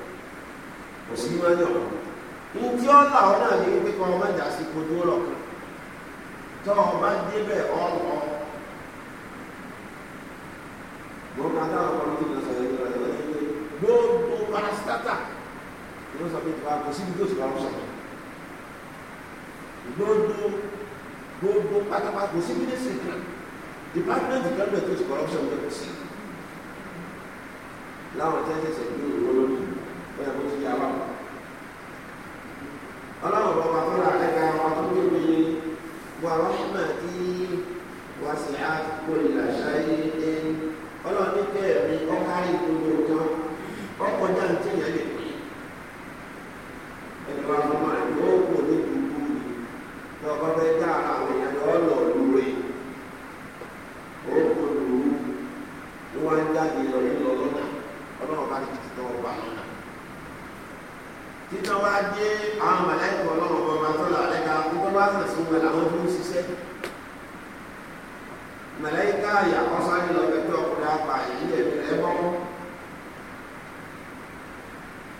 Speaker 2: kò sí máa yàn ní tí ó là ọ́ náà ní pé kọ́ ọmọ ìjà sí kojú rọ̀ tó ọba débẹ̀ ọ̀rọ̀ gbogbo adáwọ̀ kan tó lọ sọ yẹn lọ yẹn gbogbo parasitata ló sọ pé tiwa kò síbi tó sì wà lọ́sọ̀ gbogbo gbogbo pátápátá kò síbi ní sèkìlá department government tó corruption lọ sí láwọn tẹ́lẹ̀ sẹ́yìn ló lọ́wọ́ lórí ó yẹ kó ti yá báwọn. ọlọ́run bọ́ máa fúnra rẹ̀ ga wa tó gbé mi wà rọ́ṣùmọ̀ tí wà sí àkọlà ọkọ̀ ayé gbogbo nǹkan ọkọ̀ náà ń títọ́ wá dé àwọn màláìkà ọlọ́run ọba tó là lẹ́ka tó bá sàn sí wọn làwọn tó ń ṣiṣẹ́ màláìkà àyàkọ́sáré lọ́bẹ̀ tó ọkùnrin apà yìí lè bẹ̀rẹ̀ bọ́kọ́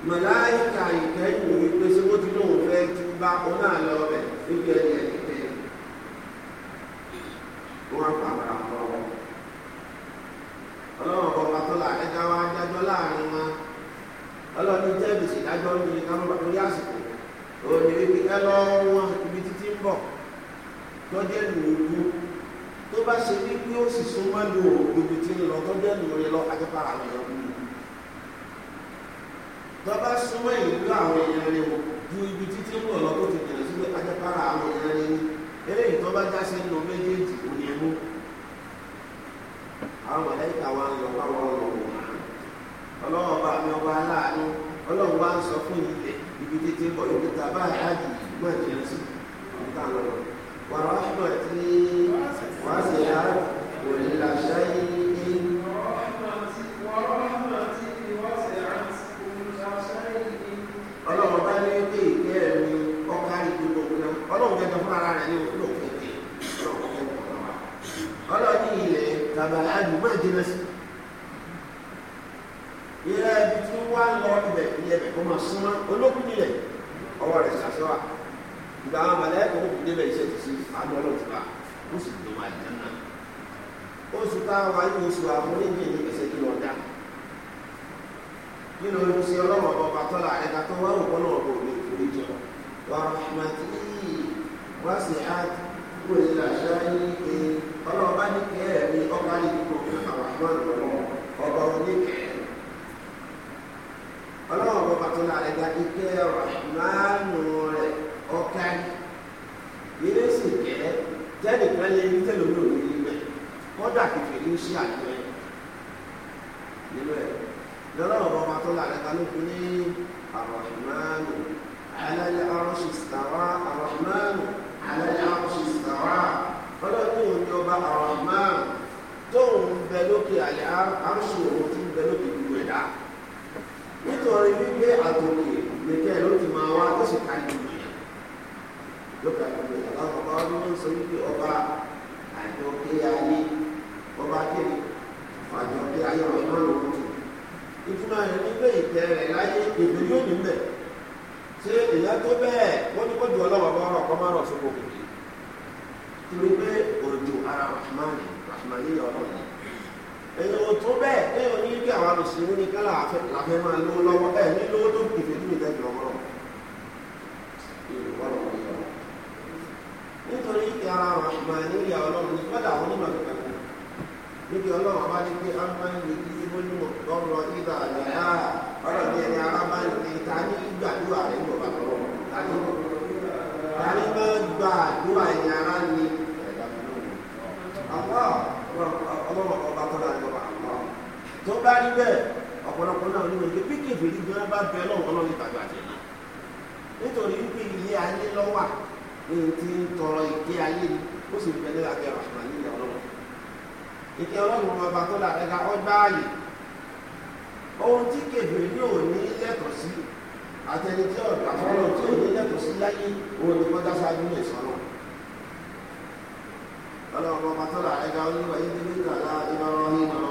Speaker 2: màláìkà ìkẹyìn wípé ṣé wọ́n ti lóun fẹ́ tú bá ọ náà lọ́bẹ̀ níbi ẹ̀yẹ̀ àjọ ìlú kan bá lórí àsìkò òní wípé ẹ lọ wọn ibi títí ń bọ̀ lọ́jọ́ ìlú òru tó bá ṣe wípé ó sì súnmọ́ lu òbí tí ń lọ lọ́jọ́ ìlú rẹ lọ àjẹpára rẹ lọ tó bá súnmọ́ ìlú àwọn èèyàn rẹ wò ju ibi títí ń bọ̀ lọ tó ti jìnnà sí pé àjẹpára àwọn èèyàn rẹ ni eléyìí tó bá já sí nù méjèèjì kò ní mú àwọn wa ń lọ wá wò wọ́n ọlọ́wọ́ bá mi ọba aláàánú ọlọ́run wá ń sọ fún ilẹ̀ ibi títí bọ̀ ibi tá a bá yà á yìí mọ̀ jẹun sí ibi tá a lọ lọ. wàrà ṣùgbọ́n tí wàá sì yá wò ní làṣà yìí. ọlọ́run bá ní ilé ìgbé ẹ̀mí ọ̀kárí gbogbo náà ọlọ́run gẹ́gẹ́ fún ara rẹ̀ ní òkúlò kéde ọlọ́run gẹ́gẹ́ fún ara rẹ̀ ọlọ́run ní ilẹ̀ tàbí àdúgbò jẹun sí ìrẹ́ ibi tí wá lọ ibẹ̀ ní ẹbẹ̀ kó máa súnmọ́ olókùn nílẹ̀ ọwọ́ rẹ̀ ṣàṣọ́wà ìgbà àwọn mọ̀lẹ́kọ̀ ó kùn débẹ̀ iṣẹ́ ti ṣe àánú ọlọ́run ti bá ó sì gbé wa ìjà náà oṣù táwọn ayé oṣù àwọn oníjì ní ẹsẹ̀ kí wọ́n dá nínú ohun ṣe ọlọ́run ọba ọba tọ́lá ẹ̀ka tó wá òkú náà kò lè forí jọ wà ràhìmàtì wá sí àti kúrò nílà ṣááyé ọlọ́run bá ní kẹ́ẹ̀ẹ́ mi ọba ní gbogbo àwọn àmọ́ ọba oníkẹ́ẹ ọlọ́run tó láre ga ike rahmanu rẹ ọ̀ka ilé sì kẹ́ jáde kan lé ní tẹ́lómi òní níbẹ̀ kọ́dà kìfì ní sí àjọ ẹ̀ nínú ẹ̀ lọ́lọ́run ọba tó láre ga ló fún ní arahmanu alẹ́ arọ́ṣì sàwá arahmanu alẹ́ arọ́ṣì sàwá ọlọ́run òní ọba arahmanu tóun bẹ lókè alẹ́ arọ́ṣì òun ti bẹ lókè gbogbo ẹ̀dá nítorí wípé àtòkè nìkẹ́ ló ti máa wá tó sì ká ní ìlú lókè àgbègbè àbáfọ́fá ọdún ló ń sọ wípé ọba àjọké ayé ọba kéde àjọké ayé ọ̀rọ̀ náà ló ń tù ìfúnná rẹ̀ nígbè ìtẹ́ rẹ̀ láyé èdè yóò ní bẹ̀ ṣé èyá tó bẹ́ẹ̀ wọ́n ní kójú ọlọ́wọ́ bá ọ̀rọ̀ kọ́ máa rọ̀ sóko kìkì torí pé òjò ara rahman rahman yíyá ọlọ́run èyí ò tó bẹ́ẹ̀ èyí ò ní kí àwọn àlùsíwò ní kálá àfẹ́ máa lówó lọ́wọ́ ẹ̀ ní lówó tó kù ìfẹ́ níbi ìtẹ́jú ọmọ náà nítorí kí ara wọn máa ní ìyá ọlọ́run ní kọ́dà àwọn onímọ̀ nípa níbi ọlọ́run bá ní pé a máa ń lè kí ibó ní ọ̀rọ̀ ìdá àyà bẹ́ẹ̀ ọ̀pọ̀lọpọ̀ náà ní wọ́n bí kèfèrí bí wọ́n bá bẹ lọ́wọ́ ọlọ́run tàbí àjẹ́ náà nítorí wípé ilé ayé lọ́wà ní ti ń tọrọ ìké ayé ni ó sì bẹ ní abẹ́ àṣùmá nílẹ̀ ọlọ́run ìké ọlọ́run wọn bá tó là ẹ̀ka ọgbà ààyè ohun tí kèfèrí ò ní lẹ́tọ̀ọ́ sí àtẹni tí ọ̀dọ̀ àtọ́rọ̀ tí ò ní lẹ́tọ̀ọ́ sí láyé òun ni wọ́n dá sáájú ní ìsọ̀rọ̀ ọlọ́run ọba tó là ẹ̀ka oníwà yìí ti ní kàlá ìrọ̀rọ̀ nínú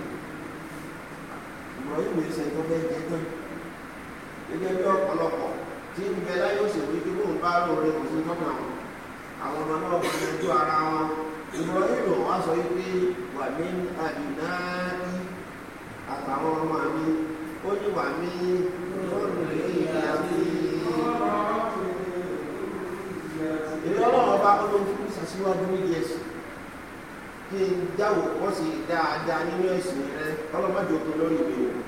Speaker 2: ṣùgbọ́n ìwé ṣe tó fẹ́ jẹ tán gẹ́gẹ́ bí ọ̀pọ̀lọpọ̀ tí ń bẹ láyé òṣèlú tí kò ń bá lóore kò sí tọ́ka wọn àwọn ọmọ náà wọn yanjú ara wọn ìmọ̀ ìlò wa sọ wípé wà mí àdínáàdì àtàwọn ọmọ mi ó ní wà mí lọ́rùn lẹ́yìn àti ìlú ọlọ́run ọba olóńgbò ṣàṣìwájú ní ẹ̀sìn kí n jáwò wọ́n sì dáadáa nínú ẹ̀sìn rẹ ọlọ́mọdé òkun lórí ìbéèrè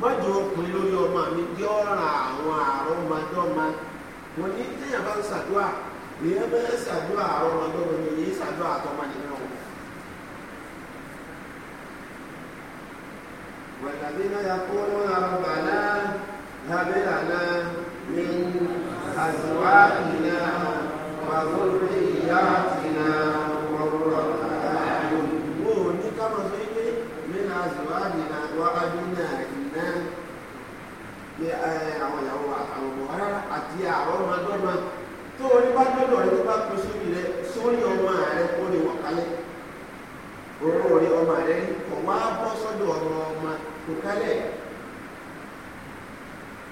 Speaker 2: mọ́jọ ọkùnrin lórí ọmọ mi bí ó ra àwọn àrùn ọmọdọ́mọ mo ní téèyàn bá ń ṣàdúrà èèyàn bá ń ṣàdúrà àrùn ọmọdọ́mọ mi èyí ṣàdúrà àtọ́mọ nìyẹn o. wàtàbí náà yà kó wọn àrùbà náà lábẹ́ lànà ní àzùwá ìlà wàhùn ìyá ìlà. sàrà àti àrọ́mọdọ́mọ tó o ní bá dọ́dọ̀ rẹ tó bá kó sórí rẹ sórí ọmọ rẹ kó lè wọ̀ kálẹ̀ orúkọ rẹ ọmọ rẹ kọ̀ wá bọ́ sọ́dọ̀ ọmọ ọmọ kò kálẹ̀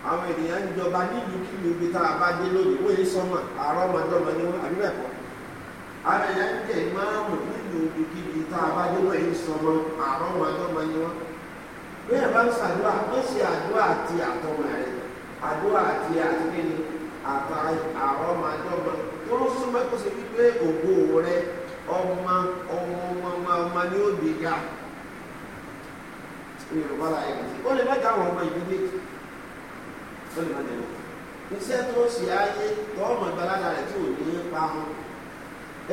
Speaker 2: àwọn ènìyàn ń jọba nílùú kílùú ibi tá a bá dé lónìí wọ́n yìí sọ́mọ̀ àrọ́mọdọ́mọ ni wọ́n àbí bẹ́ẹ̀ kọ́ àwọn ènìyàn ń jẹ ìmáàmù nílùú ibi kílùú tá a bá dé wọ́n wọ́n bẹ́ẹ̀ bá ń ṣàdúrà wọ́n àdúrà àti àtìkẹ́ni àtà àwọn ọmọ àjọmọ tó ń súnmọ́ kó ṣe wípé ògbó rẹ ọmọ ọmọ ọmọ ọmọ ni ó gbé ga yorùbá la yẹn ti ó lè má dá àwọn ọmọ ìlú méjì ó lè má dá wọn iṣẹ́ tó ṣe ayé tó ọmọ ìgbàládà rẹ̀ tí ò ní í pa wọn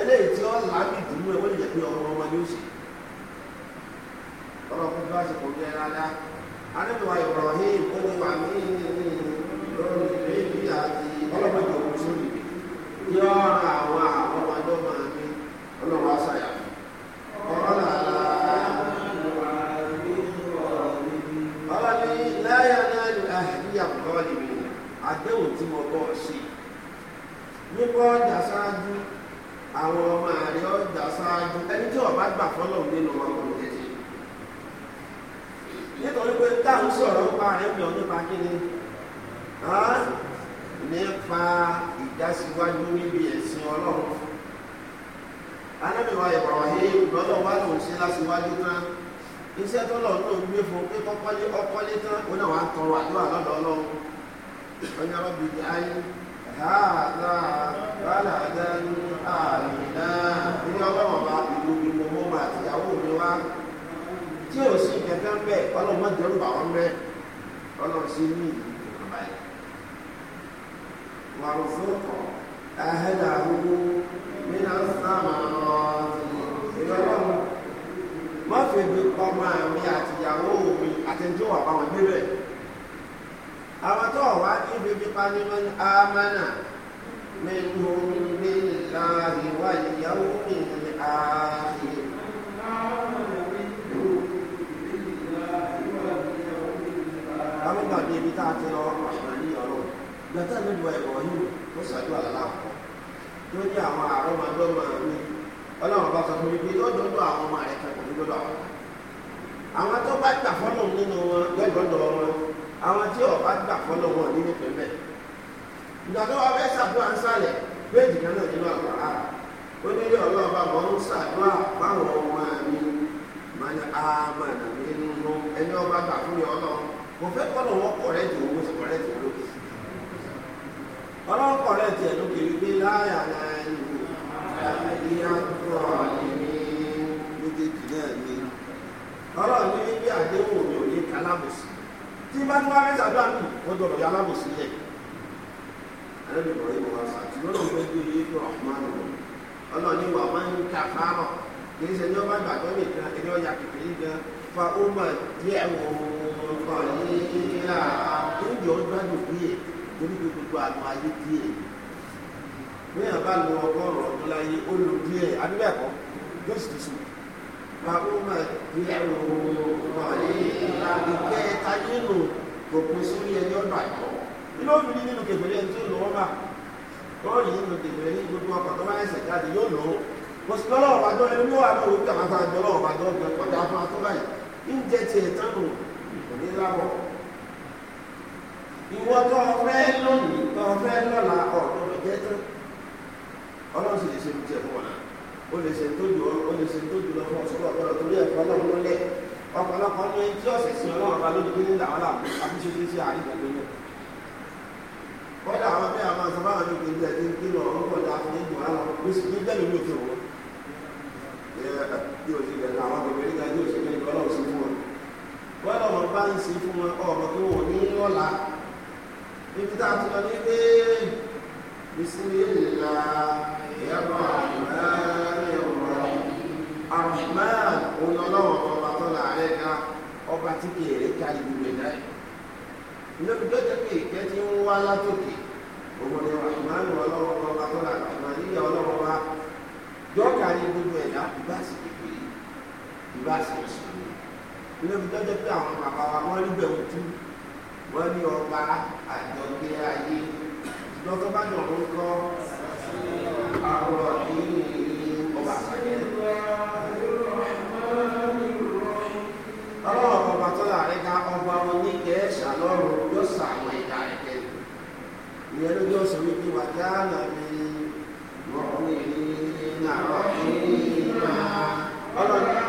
Speaker 2: eléyìí tí ó lábì dùnú ẹ̀ wọ́n lè jẹ́ pé ọmọ ọmọ ni ó ṣe ọlọ́kùnrin bá ṣe kò gbé rárá anáwó ayọ̀rọ̀ yìí ó ní wà iṣẹ́ tó lọ ní ògbé fún pé kọ́kọ́lé ọkọ́lé tán ó náà wà ń tọrọ àdúrà lọ́dọ̀ ọlọ́run ọjọ́ rọ́bì ní ayé hàdà rálàdà ní àmìnà ní ọlọ́run bá ìlú mi mo mọ́ mà àtìyàwó mi wá tí ò sí kẹ̀kẹ́ ń bẹ̀ ọlọ́run má dẹrù bà wọ́n bẹ́ ọlọ́run sí ní ìlú bàbá yìí wàrùfún ahẹ́dà àhúgbó nínú sáà máa má fi ebi pọ̀ máa mi àtìyàwó mi àtẹ̀jọ́ wà báwọn débẹ̀ àwọn tó wà ní bíbí panimọ́ amánà mẹ́nu mi láàyè wá ìyàwó mi ní ààyè. àwọn gbàgbé ibi tá a ti lọ àṣà ní ọ̀rọ̀ gbàtà nílùú ẹ̀rọ yìí ó ṣàdúrà láàpọ̀ lórí àwọn àrọ́mọdọ́mọ mi ọlọ́run bá sọ fún mi pé lọ́dọọdọ àwọn ọmọ rẹ̀ kan pẹ̀lú lọ́dọ̀ àwọn àwọn tó bá gbà fọ́lọ̀ nínú wọn lọ́dọọdọ wọn àwọn tí ò bá gbà fọ́lọ̀ wọn nínú pẹ̀lẹ́ ìgbà tó wà fẹ́ sàdúrà ń sàlẹ̀ méjì kan náà nínú àgbà á ó ní ilé ọlọ́run bá mọ̀ ń sàdúrà báwọn ọmọ mi máa ní àmà nàmi nínú ẹni ọba gbà fún mi ọlọ́run mo fẹ́ kọ́lọ̀ wọn kọ̀rẹ́ jù owó sí kọ̀rẹ́ jù lókè ọlọ́run kọ̀rẹ́ jù lókè wípé láyà láyà méjèèjì náà ni ọlọ́run ní níbi àdéhùn mi ò ní ká alábòsí tí bá tí wọ́n fẹ́ sàdúrà nù wọ́n gbọ́dọ̀ yọ alábòsí lẹ̀ alẹ́bìnrin wa sàtì lọ́dọ̀ fẹ́ bí iye tó ọ̀hún ọlọ́run ní wàá máa ń ta fáárọ̀ kì í ṣe ní ọba ìgbàgbọ́ nìkan ẹni ọ̀yà kékeré gan fa ó mọ̀ díẹ̀ wò ó kọ̀ ní ìlà ìjọ gbádùn díẹ̀ torí gbogbo àwọn ayé díẹ̀ bẹ́ẹ̀ bá lọ ọgọ́rùn-ún ọdún láyé ó lò díẹ̀ adúbẹ̀kọ́ yóò sì tìṣù ma ó mà díẹ̀ òòrùn ìkẹ́ táyé nù kò pín sórí ẹni ọ̀nà àìkọ́ nínú obìnrin nínú kẹfẹ́rẹ́ ẹni tó lọ ọ́ mà lọ́ọ̀rì nínú kẹfẹ́rẹ́ ní gbogbo ọkọ̀ tó bá ẹsẹ̀ jáde yóò lọ mo sì lọ́lọ́ ọ̀bà dọ́ ẹni wà lóò gbà máa gbà lọ́lọ́ ọ̀bà dọ́ ọ̀gbẹ́ kọjá fún ató báyìí ń jẹ tiẹ̀ tán nù kò ní lábọ̀ ìwọ tó o fẹ́ lónìí tó o fẹ́ lọ́la ọ̀dọ́ ìjẹ́ tán ọlọ́run sì lè ṣe ibi tí ẹ fún wọn náà ó lè ṣe tó jù ó lè ṣe tó jù lọ fún ọ̀ṣọ́gbọ̀ ọ̀gbọ̀dọ̀ torí ẹ̀kọ́ ọlọ́run ló lẹ̀ ọ̀pọ̀lọpọ̀ ní tí ọ̀sẹ̀ sí ọlọ́run ọba lójú kíní làwọn làwọn àbíṣe tí ṣe àríkà lónìí kọ́dà àwọn bẹ́ẹ̀ àwọn sábà wọn ní ìpínlẹ̀ tí ń kílọ̀ ọ̀rọ̀ pọ̀ dáa fún ìgbò àwọn oṣù tó jẹ́ lórí òfin wọn. yóò ṣe bẹ̀rẹ̀ àwọn bèbè nígbà bá ń sí fún wọn ọmọ tó wò ní lọ́la. ibi tá a ti lọ ní pé bisimilá. الرحمن الرحيم الرحمن òun ọlọ́wọ́ ọba tó láàárẹ̀ ká ọba tí kì í ká ìgbìmọ̀ ẹ̀dá ẹ̀ lóbi tó jẹ́ pé ìkẹ́ ti ń wá látòkè òun ni rahman ọlọ́wọ́ ọba tó láàárẹ̀ ọba níyà ọlọ́wọ́ wa yọ kárí gbogbo ẹ̀dá ìbá sì kékeré ìbá sì sùn lóbi tó jẹ́ pé àwọn bàbá wa wọ́n rí bẹ̀rù tú wọ́n ní ọba àjọgbé ayé lọ́tọ́ bá dọ̀ ìyẹn ló jọ sọ wípé wà dáàlà mi mọ̀ọ́mí ní àrọ́ ìrìnà ọlọ́jọ́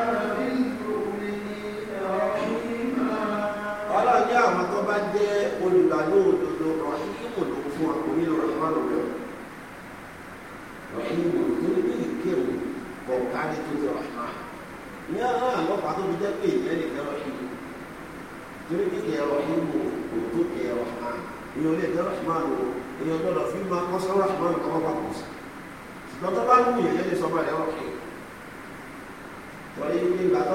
Speaker 2: àwọn tó bá jẹ́ olùgbàlóòdodo ọ̀hún kò ló fún àkórí lọ́rọ̀ ìmọ̀lọ́rọ̀ rahimu torí pé ìkírun kọ̀ọ̀ká ní torí rahman ní àwọn àlọ́pàá tó fi jẹ́ pé ìyẹn nìkan rahimu torí pé kẹ̀ rahimu kò tó kẹ̀ rahman èèyàn lè jẹ́ rahman o èèyàn gbọ́dọ̀ fi máa kọ́ sọ rahman kọ́ bá kù sí ṣùgbọ́n tó bá wù yẹn lè sọ bá rẹ̀ rahim torí pé ìgbà tó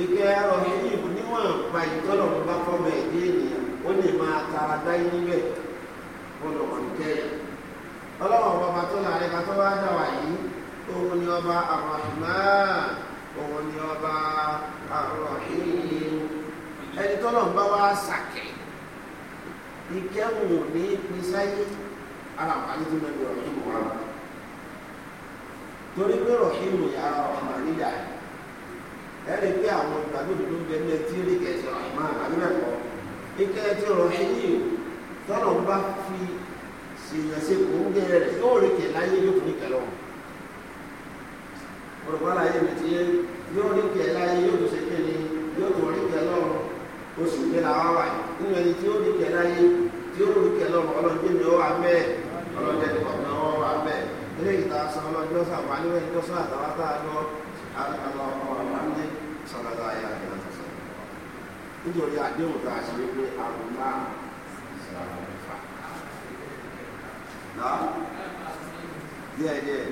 Speaker 2: ìkẹ́ ẹ̀rọ yìí ìbò níwọ̀n gba ìtọ́lọ̀ ló bá fọ́ bẹ́ẹ̀ dé ènìyàn ó lè máa tara dáyé níbẹ̀ ó lọ wà níkẹ́ yẹn ọlọ́wọ́n ọba tó láàrin ká tó bá dà wá yìí òun ni ọba Ar-Rahman òun ni ọba Ar-Rahim ẹni tọ́lọ̀ ń bá wá sàkẹ́ ìkẹ́hùn ní pínsáyé ara àǹfààní tó mẹ́rin ọ̀hìn wà torí pé rọ̀hìn yàrá ọ̀hìn nílẹ̀ àyè ẹni pé àwọn ìgbàgbọ́ òdodo ń bẹ ní ẹtí rí kẹsì ọ̀hìnmá àbíbẹ̀kọ́ ike tí ọ̀rọ̀ ẹ̀yìn tọ́lọ̀ ń bá fi ṣèyàn ṣe kò ń gẹ̀rẹ̀ rẹ̀ yóò rí kẹ̀ láyé yóò fi ní kẹ̀ lọ́wọ́ olùkọ́ àlàyé mi ti yóò rí kẹ̀ láyé yóò tó ṣe kí ni yóò tó rí kẹ̀ lọ́wọ́ oṣù mi làwọn wà nínú ẹni tí ó rí kẹ̀ láyé tí ó rí kẹ̀ lọ́wọ́ ọlọ́dún sọ́dọ̀dọ̀ ayé àti láti sọ nítorí àdéhùn tá a ṣe é pé àrùn máa ìsìlámù mẹ́fà náà díẹ̀ díẹ̀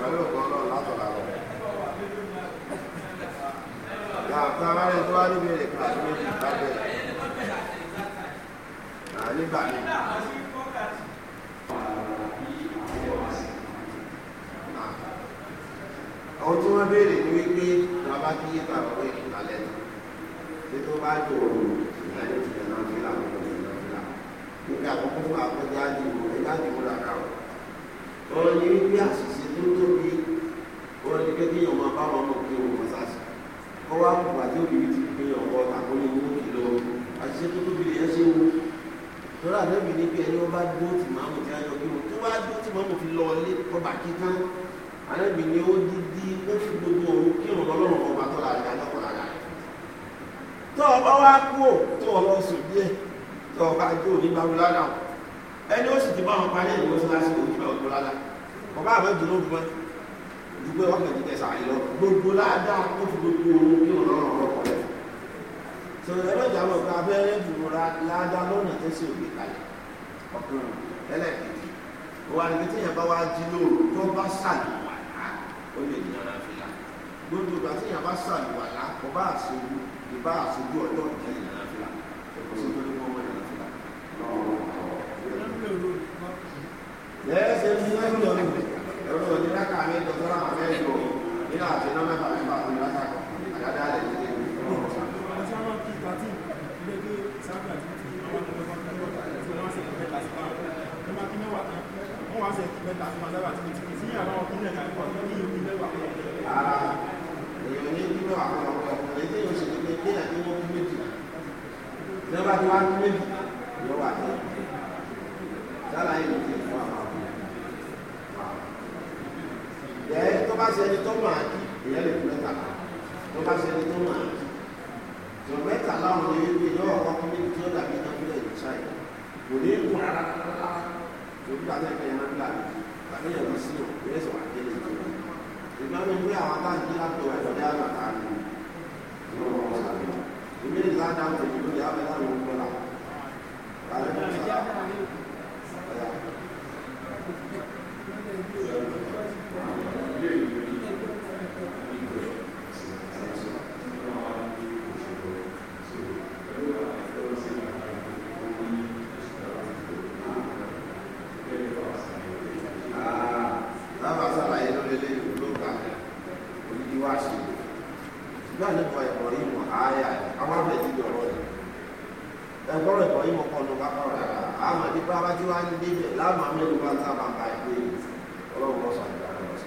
Speaker 2: pẹ̀lú ọ̀gá ọlọ́run látọ̀lá lọ. Yàtọ̀ abáyé tó wá níbi èrè kan àti méjì lábẹ́ náà nígbà mi. Ohun tí wọ́n béèrè ni bá kí yé bàbá wẹ̀ ní alẹ́ tó ṣé tó bá jò ó ìyá yóò ti yànnà fílà kó ti yànnà fílà nígbà àkókò fún akọ́jà àdìmọ̀ ẹ̀dá àdìmọ̀ làkà ó. ọ̀rọ̀ ni wípé àṣìṣe tó tóbi ọ̀rọ̀ ni pé kí yọ̀ọ́ máa bá wọn mọ̀ kí wọ́n mọ̀ sáṣì kọ́ wá kù wá tí òbí ti gbé ọ̀pọ̀ àkóyè owó kìlọ̀ àṣìṣe tó tóbi lè yẹn ṣe wo tọ́lá lẹ́bi ní pé ẹni wọ́n bá dúró àyà lọ́kàn ara tó o bá wá kú ò tó o lọ sùn díẹ̀ tó o bá jó ní báwo lára o ẹni ó sì ti bá wọn parí ìwé síláṣí kò níbẹ̀ òjò lára ọba àwọn ìdùnnú fún wọn dùgbò wọn kàn jìnnà sàáyé lọ gbogbo ládàá ó fi gbogbo owó kí wọn lọ́rọ̀ ọ̀rọ̀ rẹ̀ sọ̀rọ̀ ẹ̀rọ ìjàmbá ọ̀gá abẹ́rẹ́ ìdùnnúra ládàá lọ́nà tó òbí kalẹ̀ ọkùnrin ẹlẹ́ẹ̀kejì òwò àdìgbẹ́tẹ̀yìn bá wá jí lóru tó bá sàlùwà náà ní gbogbo ìgbà tí èèyàn bá ṣàlùwàlá kò bá àṣojú ìbá àṣojú ọjọ́ ìtẹ́lẹ̀ one with